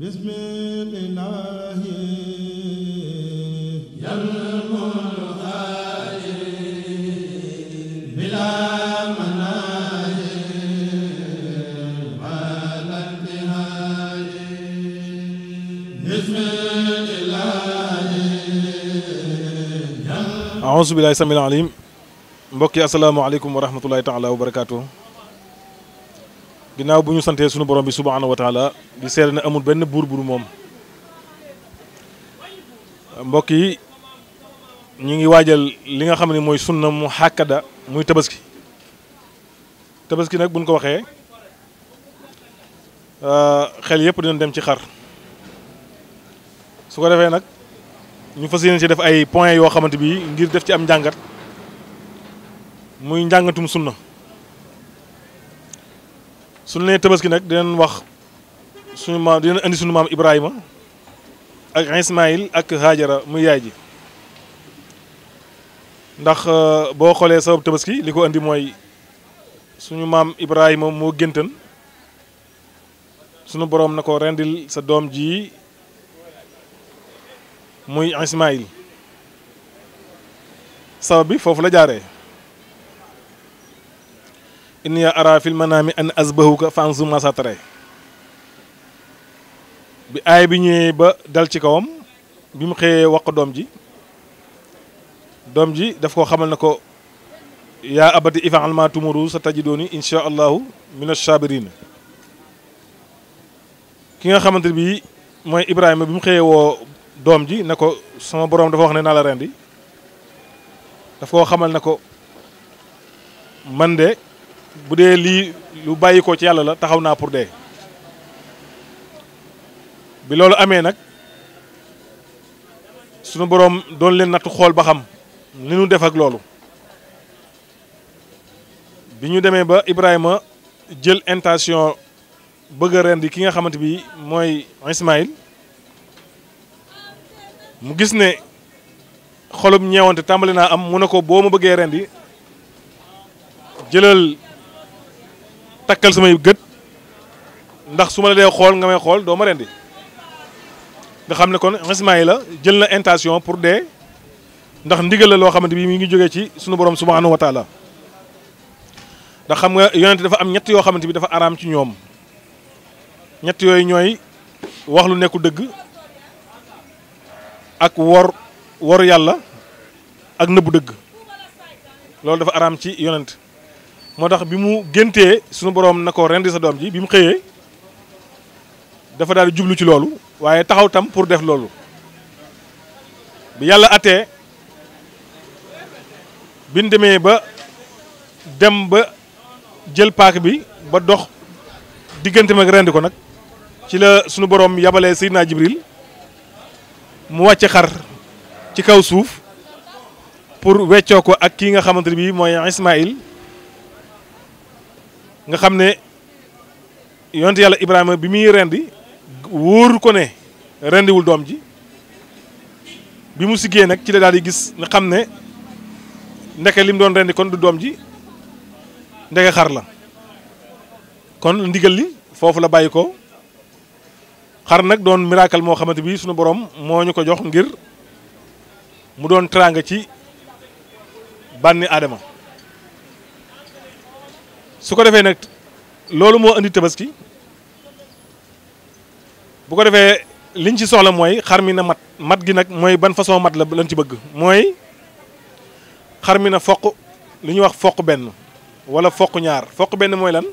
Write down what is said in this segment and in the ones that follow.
بسم الله بلا مناي بسم الله أعوذ بالله السميع العليم بكي السلام عليكم ورحمة الله تعالى وبركاته ginnaaw bu ñu santee sunu borom bi subhaanahu wa taala di seede ne amul benn buur bu moom mbokk yi ñu ngi waajal li nga xam ne mooy sunna mu xàkkada muy tabaski tabaski nag buñ ko waxee ah, xel yëpp dinañ dem ci xar su ko defee nag ñu fas yéene ci def ay point yoo xamante bi ngir def ci am njàngat muy njàngatum sunna suñu nee tabaski nag dinañ wax suñu maam dinañ indi suñu maam Ibrahima ak Ismaïl ak Haajara mu yaay ji ndax euh, boo xoolee sabab tabaski li ko indi mooy suñu maam Ibrahima moo géntan sunu boroom na ko rendil sa doom ji muy Ismaïl sabab bi foofu la jaaree inni ara fil manaami an asbahuka fansu masatare bi aay bi ñëwee ba dal ci kawam bi mu xëyee wax ko doom ji doom ji daf ko xamal na ko yaa abati ifa'al ma tumuru sa tajidooni insha allahu mina saabiriin ki nga xamante bi mooy Ibrahima bi mu xëyee woo doom ji na ko sama borom dafa wax ne naa la rendi daf koo xamal na ko man de bu li lu bàyyi ko ci yalla la taxaw na pour dé bi loolu amé nak suñu borom doon leen nattu xol ba xam li ñu def ak bi ñu démé ba Ibrahima jël intention bëgg a rendi ki nga xamanté bi moy Ismaïl mu gis ne xolum ñewante tàmbali am mu ne ko mu bëggé rendi jëlal takkal samay gët ndax su ma la dee xool nga may xool doo ma rendi nga xam ne kon la jël na intention pour dee ndax ndigal la loo xamante bi mi ngi jógee ci sunu borom subhanahu wa taala ndax xam nga yonente dafa am ñett yoo xamante bi dafa araam ci ñoom ñett yooyu ñooy wax lu nekku dëgg ak wor wor yàlla ak nëbbu dëgg loolu dafa araam ci yonent moo tax bi mu géntee suñu boroom na ko rendi sa doom ji bi mu xëyee dafa daal jublu ci loolu waaye taxaw tam pour def loolu bi yàlla atee biñ demee ba dem ba jël paaka bi ba dox diggante mag rendi ko nag ci la sunu borom yabalee Seydina Jibril mu wàcce xar ci kaw suuf pour weccoo ko ak kii nga xamante ne bii mooy Ismaïl nga xam ne yonent yàlla Ibrahima bi muy rendi wóoru ko ne rendiwul doom ji bi mu siggee nag ci la daal di gis nga xam ne ndeke li mu doon rendi kon du doom ji ndeke xar la kon ndigal li foofu la bàyyi ko xar nag doon miracle moo xamante bi sunu boroom moo ñu ko jox ngir mu doon teraanga ci bànni Aadama su ko defee nag loolu moo indi tabaski bu ko defee liñ ci soxla mooy xar mi na mat mat gi nag mooy ban façon mat la lan ci bëgg mooy xar mi na foq lu ñuy wax foq benn wala foq ñaar foq benn mooy lan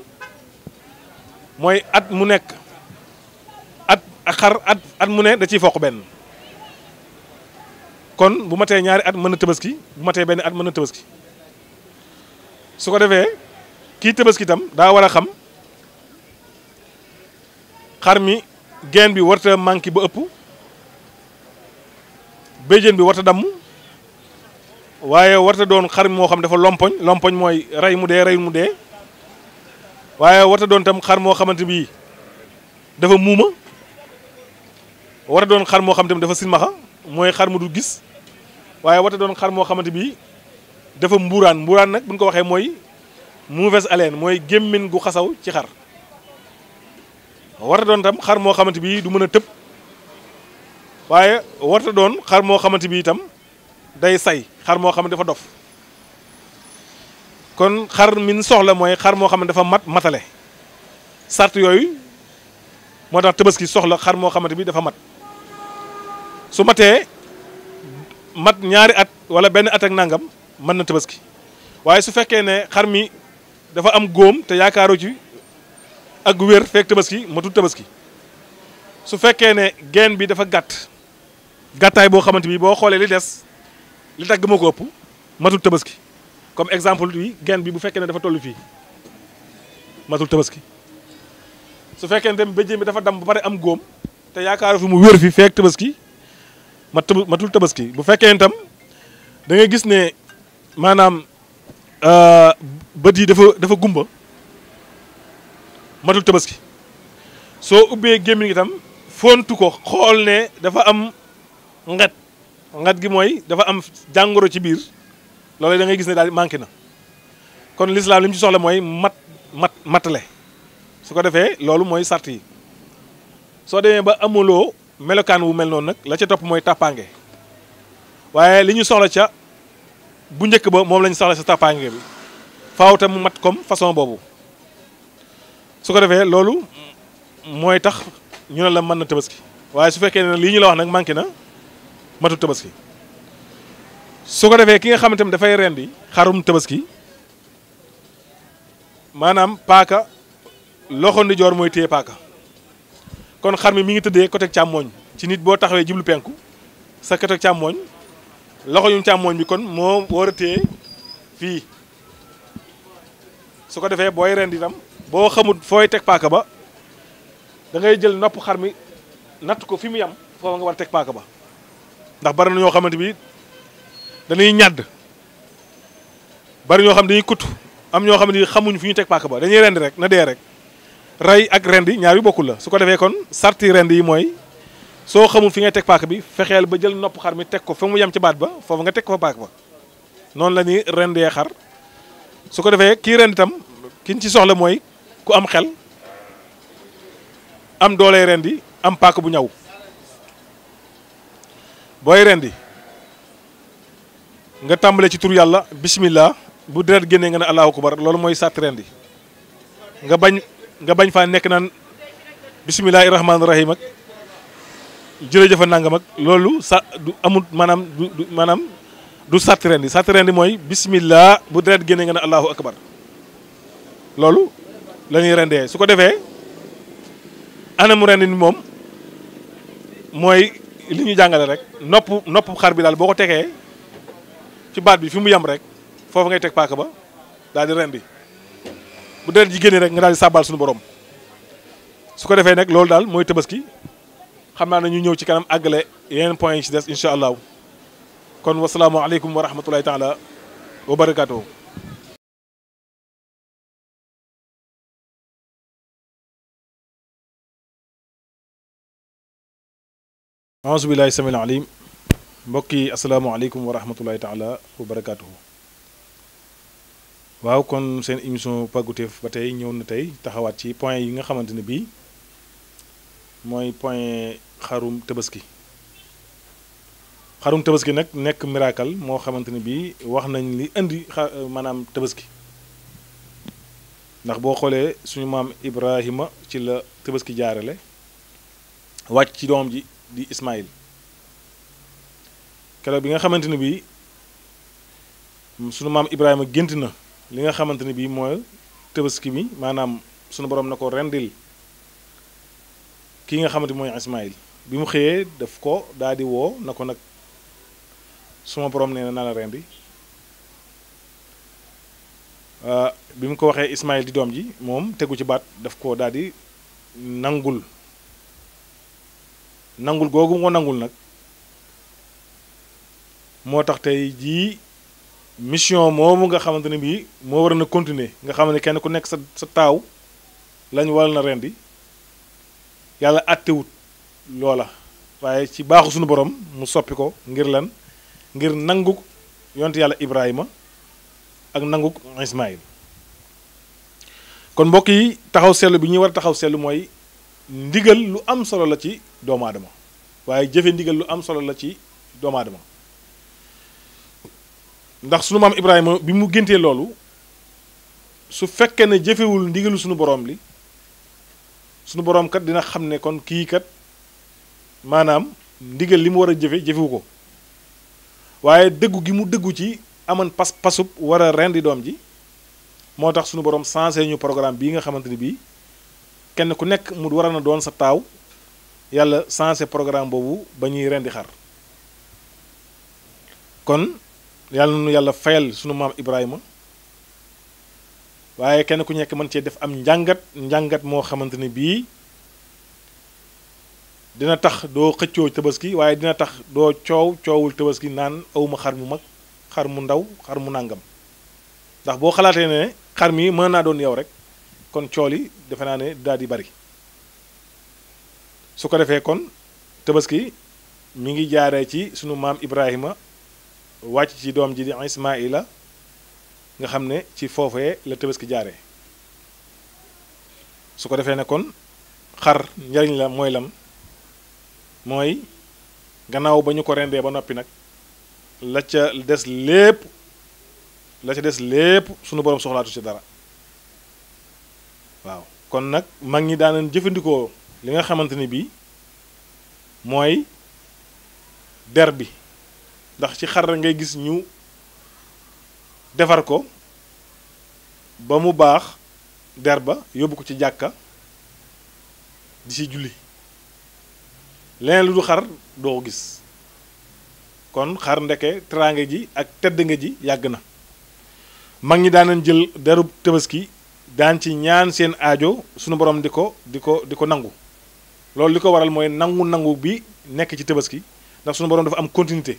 mooy at mu nekk at xar at at mu ne da ciy foq benn kon bu matee ñaari at mën na tabaski bu matee benn at mën na tabaski su ko defee kii ki itam daa war a xam xar mi geen bi warta manqué ba ëpp béjjén bi warta dam waaye warta doon xar moo xam dafa lompoñ lompoñ mooy rey mu dee rey mu dee waaye warta doon tam xar moo xamante bi dafa muuma warta doon xar moo xam tam dafa silmaxa mooy xar mu du gis waaye warta doon xar moo xamante bi dafa mbuuraan mbuuraan nag bu ñu ko waxee mooy mauvaise haleine mooy gémmin gu xasaw ci xar warta doon tam xar moo xamante bi du mën a tëb waaye warta doon xar moo xamante bi itam day say xar moo xam ne dafa dof kon xar min soxla mooy xar moo xam ne dafa mat matale sart yooyu moo tax tabaski soxla xar moo xamante bi dafa mat su matee mat ñaari at wala benn at ak nangam mën na tabaski waaye su fekkee ne xar mi dafa am góom te yaakaaru ci ak wér fekk tabaski matut tabaski su fekkee ne geen bi dafa gàtt gàttaay boo xamante bi boo xoolee li des li dagg ma ko ëpp tabaski comme exemple bi geen bi bu fekkee ne dafa toll fii matul tabaski su fekkee ne dem béjjén bi dafa dam ba pare am góom te yaakaaru fi mu wér fi fekk tabaski mat matul tabaski bu fekkee ne tam da gis ne maanaam euh, bët yi dafa dafa gumba matul tabaski so ubbe game itam tam fontu ko xol ne dafa am ngat ngat gi moy dafa am jangoro ci bir lolay da ngay gis ne dal manki na kon l'islam lim ci soxla moy mat mat matale su ko defé lolou moy sarti so soo ba amulo melokan wu mel non nak la ci top moy tapangé waaye liñu soxla ca bu ñëk ba mom lañu soxla ci tapangé bi faaw tam mu mat comme façon boobu su ko defee loolu mooy tax ñu ne la mën na tabaski waaye su fekkee ne lii ñu la wax nag manqué na matul tabaski su ko defee ki nga xamante ne dafay rendi xarum tabaski maanaam paaka loxo joor mooy téye paaka kon xar mi mi ngi tëddee côté càmmooñ ci nit boo taxawee jiblu penku sa côté càmmooñ loxo yum càmmooñ bi kon moo war a téye fii su ko defee booy rendi itam bo xamut foy tek paka ba da ngay jël nopp xarmi nat ko fimu yam fo nga war tek paka ba ndax bari ñoo xamante bi dañuy ñàdd bari ñoo xam dañuy kut am ñoo xam xamuñ fuñu tek paka ba dañuy rendi rek na dé rek ray ak rendi ñaar yu bokul la su ko kon sarti rendi yi so so xamul fi nga tek paka bi fexel ba jël nopp xarmi tek ko fimu yam ci baat ba foofu nga tek ko paka ba non la rendé xar su ko defé ki ren itam kiñ ci soxla moy ku am xel am doole rendi am pak bu ñaw boy ren di nga tambalé ci tour yalla bismillah bu deret gëné nga na allahu akbar lool moy sat ren di nga bañ nga bañ fa nek nan bismillahi rahmaani rahim ak nangam ak loolu sa amut manam du du sàtt rendi sàtt rendi mooy bismillah bu deret génnee nga ne allahu akbar loolu lañuy ñuy rendee su ko defee anamu rendi ni moom mooy li ñu jàngale rek nopp nopp xar bi daal boo ko tegee ci baat bi fi mu yem rek foofu ngay teg paaka ba daal di rendi bu deret ji génnee rek nga daal di sàbbaal suñu borom su ko defee nag loolu daal mooy tabaski xam naa ne ñu ñëw ci kanam àggale yeneen point yi ci des incha allah. kon wassalamu alaykum wa rahmatullahi ta'ala wa barakatuh أعوذ بالله السميع العليم مكي السلام عليكم ورحمة الله تعالى وبركاته واو كون سين إيميسيون باغوتيف باتاي نيو نتاي تاخوات سي بوين ييغا خامتيني بي موي بوين خاروم تبسكي xarum tabaski nak nek miracle mo xamanteni bi wax nañ li indi manam maanaam tabaski ndax bo xolé suñu mam Ibrahima ci la tabaski jaarale wàcc ci dom ji di Ismaïl kala bi nga xamanteni bi suñu mam Ibrahima gentina li nga xamanteni bi moy mooy tabaski bi maanaam suñu borom nako rendil ki nga xamanteni moy Ismaïl bi mu xëyee daf ko daal wo nako nak suma borom nee na na la rendi euh, bi mu ko waxee Ismaïl di doom ji moom tegu ci baat daf ko daal nangul nangul googu moo nangul nag moo tax tey jii mission moomu nga xamante ne bii moo war na continuer nga xam ne kenn ku nekk sa sa taaw lañu waral na rendi yàlla àttewut loola waaye ci baaxu sunu borom mu soppi ko ngir lan ngir nanguk yonte yalla ibrahima ak nanguk ismail kon mbokk yi taxaw seetlu bi war taxaw seetlu mooy ndigal lu am solo la ci doomu aadama waaye jëfe ndigal lu am solo la ci doomu aadama ndax sunu maam ibrahima bi mu géntee loolu su fekkee ne jëfewul ndigalu sunu borom li sunu borom kat dina xam ne kon kii kat maanaam ndigal li mu war a waaye dëggu gi mu dëggu ci aman pas pasub wara rendi doom ji moo tax sunu borom sensé ñu programme bii nga xamante ni bii kenn ku nekk mu war na doon sa taaw yàlla sensé programme boobu ba rendi xar kon yàlla nu yàlla fayal sunu maam Ibrahima waaye kenn ku nekk mën cee def am njàngat njàngat moo xamante ni bii. dina tax doo xëccoo tabaski waaye dina tax doo coow coowul tabaski naan awma xar mu mag xar mu ndaw xar mu nàngam ndax boo xalaatee ne xar mi mën naa doon yow rek kon cool yi defe naa ne daal di bari su ko defee kon tabaski mi ngi jaaree ci sunu maam Ibrahima wàcc ci doom ji di Ismaila nga xam ne ci foofee la tabaski jaare su ko defee ne kon xar njariñ la mooy lan mooy gannaaw ba ñu ko rendee ba noppi nag la ca des lépp la ca des lépp sunu borom soxlaatu ci dara waaw kon nag mag ñi daanañ jëfandikoo li nga xamante ni bii mooy der bi ndax ci xar ngay gis ñu defar ko ba mu baax der ba yóbbu ko ci jàkka di ci julli leneen lu du xar doo ko gis kon xar ndeke teraanga ji ak tedd nga ji yàgg na mag ñi daanañ jël derub tabaski daan ci ñaan seen aajo sunu borom di ko di ko di ko nangu loolu li ko waral mooy nangu nangu bi nekk ci tabaski ndax sunu borom dafa am continuité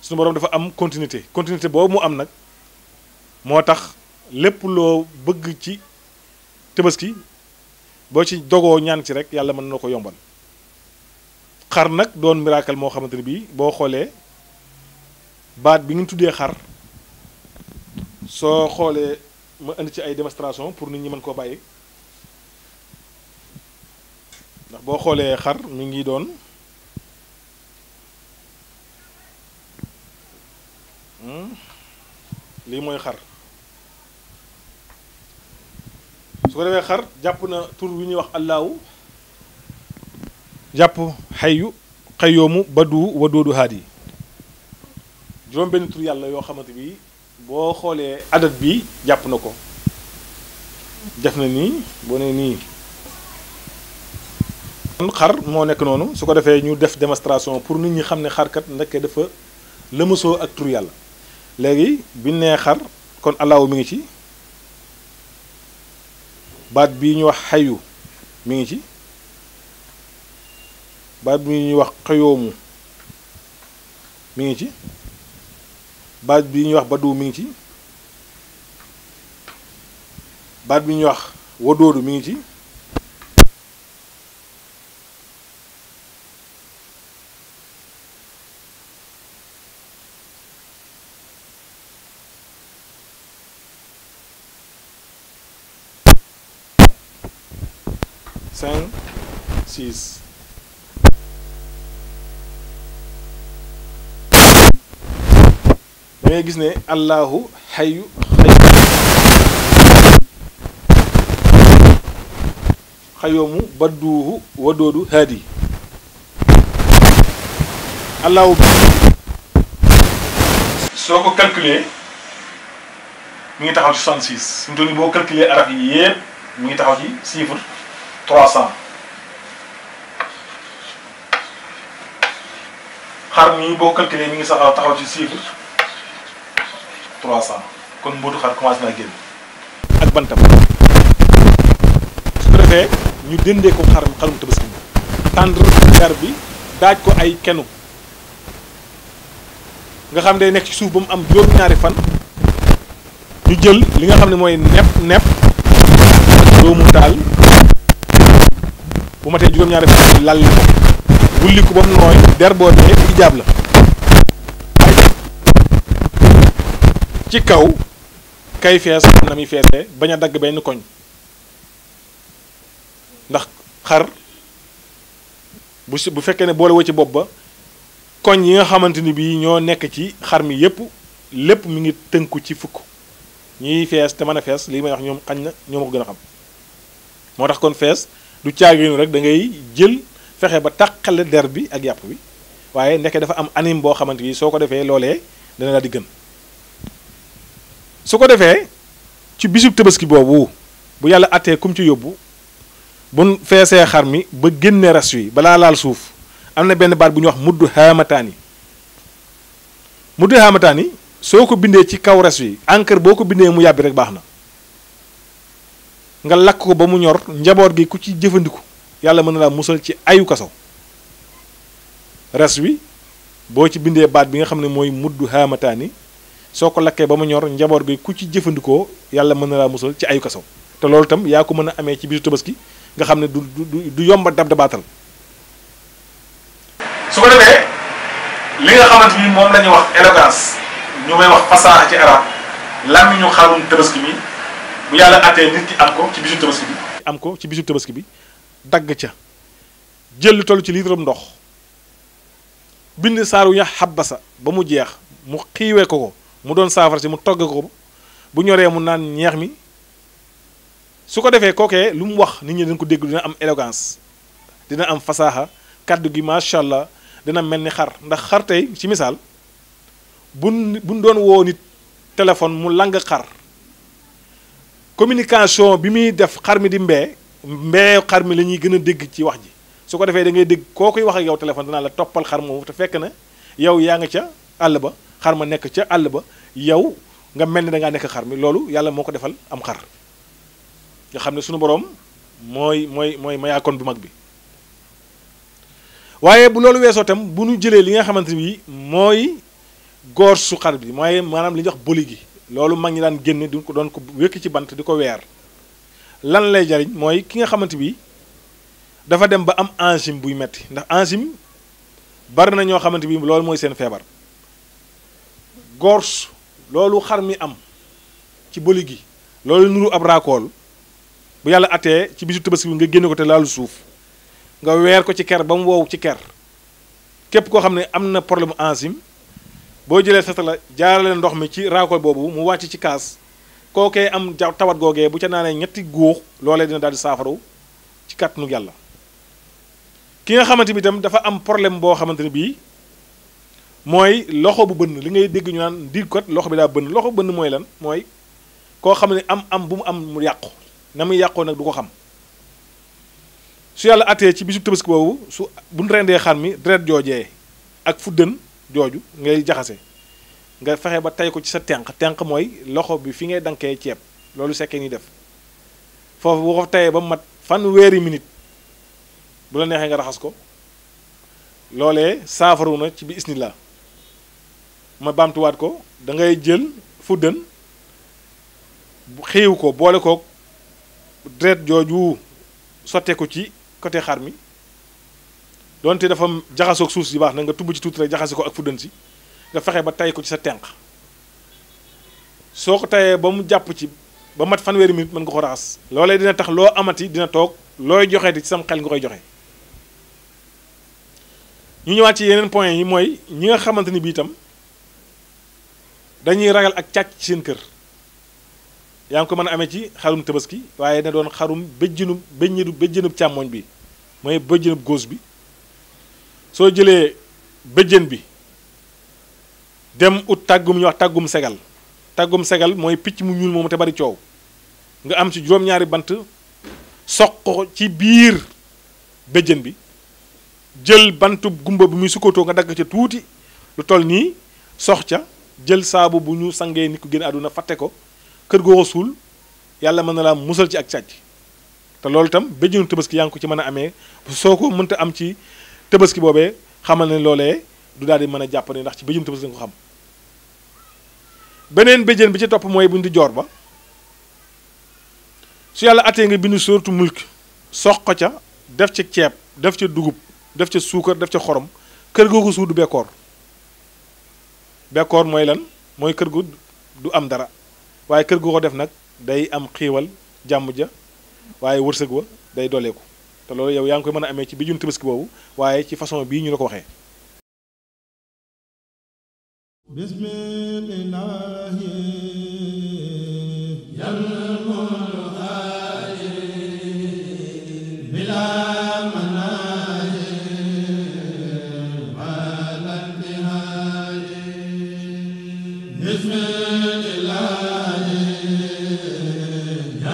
sunu dafa am continuité continuité boobu mu am nag moo tax lépp loo bëgg ci tabaski boo ci dogoo ñaan ci rek yàlla mën na ko yombal xar nag doon miracle moo xamante ne bii boo xoolee baat bi ngeen tuddee xar soo xoolee ma indi ci ay démonstration pour nit ñi mën koo bàyyi ndax boo xoolee xar mi ngi doon hmm? lii mooy xar su ko defee xar jàpp na tour wi ñuy wax allahu jàpp xayyu xayyoomu baduwu wadoodu haadi juróom benn tur yàlla yoo xamante bi boo xoolee adat bi jàpp na ko def na nii boo ne nii kon xar moo nekk noonu su ko defee ñu def démonstration pour nit ñi xam ne xarkat ndekkee dafa lëmasoo ak tur yàlla léegi bi nee xar kon allahu mi ngi ci baat bii ñu wax xayu mi ngi ci baat bi ñuy wax xëyoomu mi ngi ci baat bi ñuy wax baduw mi ngi ci baat bi ñuy wax wadoodu mi ngi ci cinq six da gis ne allahu xayu xayu xayoomu badduuhu wadoodu haadi allahu soo ko calculer mi ngi taxaw ci 66 suñu toll nii boo calculer araf yi yépp mi ngi taxaw ci chiffre 300 xar mi boo calculer mi ngi sax taxaw ci chiffre trois kon mbootu xar commencé naa génn ak bantam su ko defee ñu dëndee ko xar xarum tabaski tendre gar bi daaj ko ay kenu nga xam day nekk ci suuf ba mu am juróom-ñaari fan ñu jël li nga xam ne mooy nepp nepp ak doomu taal bu ma tee juróom-ñaari fan lal ko wulli ba mu nooy der boo dee ijaab la ci kaw kay fees na muy feesee bañ a dagg benn koñ ndax xar bu si bu fekkee ne boole woo ci bopp ba koñ yi nga xamante ni bii ñoo nekk ci xar mi yépp lépp mu ngi tënku ci fukk ñiy fees te mën a fees lii may wax ñoom xañ na ñoom ko gën a xam moo tax kon fees du caaginu rek da ngay jël fexe ba tàqale der bi ak yàpp bi waaye nekk dafa am anim boo xamante bi soo ko defee loolee dana la di gën su ko defee ci bisub tabaski boobu bu yàlla attee kum ci yóbbu bu feesee xar mi ba génnee ras wi balaa laal suuf am na benn baat bu ñuy wax muddu haamataani muddu haamataani soo ko bindee ci kaw res wi encre boo ko bindee mu yàbbi rek baax na nga lakk ko ba mu ñor njaboot gi ku ci jëfandiku yàlla mën na laa musal ci ayu kaso res wi boo ci bindee baat bi nga xam ne mooy mudd haamataani soo ko lakkee ba mu ñor njaboot gi ku ci jëfandikoo yàlla mën na laa musal ci ayu kaso te loolu tam yaa ko mën a amee ci bisu tabaski nga xam ne du du yomba dab dabaatal su ko defee li nga xamante ni moom la wax élégance ñu may wax fasaha ci arab lan ñu xarum tabaski bi bu yàlla attee nit ki am ko ci bisu tabaski bi. am ko ci bisu tabaski bi dagg ca jël lu toll ci litre ndox bind saaru ya xabbasa ba mu jeex mu xiiwee ko ko. mu doon saafara si mu togg ko bu ñoree mu naan ñeex mi su ko defee kookee lu mu wax nit ñi dañ ko dégg dina am élégance dina am fasaaxa kaddu gi macha allah dina mel ni xar ndax xar tey ci misaal bu bu doon woo nit téléphone mu lang xar communication bi muy def xar mi di mbee mbee xar mi la ñuy gën a dégg ci wax ji su ko defee da ngay dégg koo koy wax ak yow téléphone la toppal xar moomu te fekk na yow yaa nga ca àll ba xar ma nekk ca àll ba yow nga melni da nga nek xarmi mi yalla moko defal am xar nga xamne suñu borom borom moy moy maya kon bu mag bi waye bu loolu weso tam bu ñu jëlé li nga xamanteni bi moy gor su xar bi moy manam li ñuy wax boli gi loolu mag ñi daan genn du ko don ko ci bant diko ko lan lay jariñ moy ki nga xamanteni bi dafa dem ba am enzyme buy metti ndax enzyme bar na ñoo xamante bi loolu moy seen febar gorsu loolu xar mi am ci bëli gi loolu nuru ab raakool bu yàlla atee ci bisu tabaski bi nga génne ko te laalu suuf nga weer ko ci ker ba mu wow ci ker képp koo xam ne am na problème enzyme boo jëlee sata jaarale ndox mi ci raakool boobu mu wàcc ci kaas kookee am ja tawat googee bu ca naanee ñetti góox loolee dina daal di saafaraw ci kàttanu yàlla ki nga xamante bi itam dafa am problème boo xamante ne bii mooy loxo bu bënn li ngay dégg ñu naan ndiir kot loxo bi daa bënn loxo bënn mooy lan mooy koo xam am am bu am mu yàqu na muy yàqoo nag du ko xam su yàlla attee ci bisu boobu su bu ñu rendee dread mi deret joojee ak fuddën jooju ngay jaxase nga fexe ba tey ko ci sa tenq tenq mooy loxo bi fi ngay dankee ceeb loolu sekkee ni def foofu boo ko tayee ba mat fan weeri minute bu la neexee nga raxas ko loolee saafaru ci bi isnillah ma baamtuwaat ko da ngay jël fuddën xiiw ko boole ko deret jooju sottee ko ci côté xar mi donte dafa jaxasoog suuf si baax na nga tubb ci tuuti rek jaxase ko ak fuddën si nga fexe ba tay ko ci sa tenq soo ko tayee ba mu jàpp ci ba mat fanweeri minute mën nga ko raxas loolee dina tax loo amati dina toog looy joxe di ci xel nga koy joxe ñu ñëwaat ci yeneen point yi mooy ñi nga xamante ni bii itam dañuy ragal ak càcc ci seen kër yaa ngi ko mën a amee ci xarum tabaski waaye na doon xarum béjjinub béjjinub béjjinub càmmoñ bi mooy béjjinub góos bi soo jëlee béjjën bi dem ut tàggum ñu wax tàggum segal tàggum segal mooy picc mu ñuul moomu te bari coow nga am ci juróom-ñaari bant soq ci biir béjjën bi jël bantub gumba bi muy sukkatoo nga dagg ca tuuti lu toll nii sox ca jël saabu bu ñu sangee nit ku génn àdduna fàtte ko kër goo ko suul yàlla mën na laa musal ci ak sàcc te loolu itam béjjinu tabaski yaa ngi ko ci mën a amee soo ko mënta am ci tabaski boobee xamal ne loolee du daal di mën a jàpp ndax ci béjjinu tabaski nga ko xam beneen béjjén bi ca topp mooy bu di joor ba su yàlla attee nga bindu sóortu mulk soq ca def ca ceeb def ca dugub def ca suukar def ca xorom kër goo ko suul du bekkoor bekkoor mooy lan mooy kër gu du am dara waaye kër gu ko def nag day am xiiwal jàmm ja waaye wërsëg wa day dooleeku te loolu yow yaa ngi koy mën a amee ci bi jun tabaski boobu waaye ci façon bii ñu la ko waxee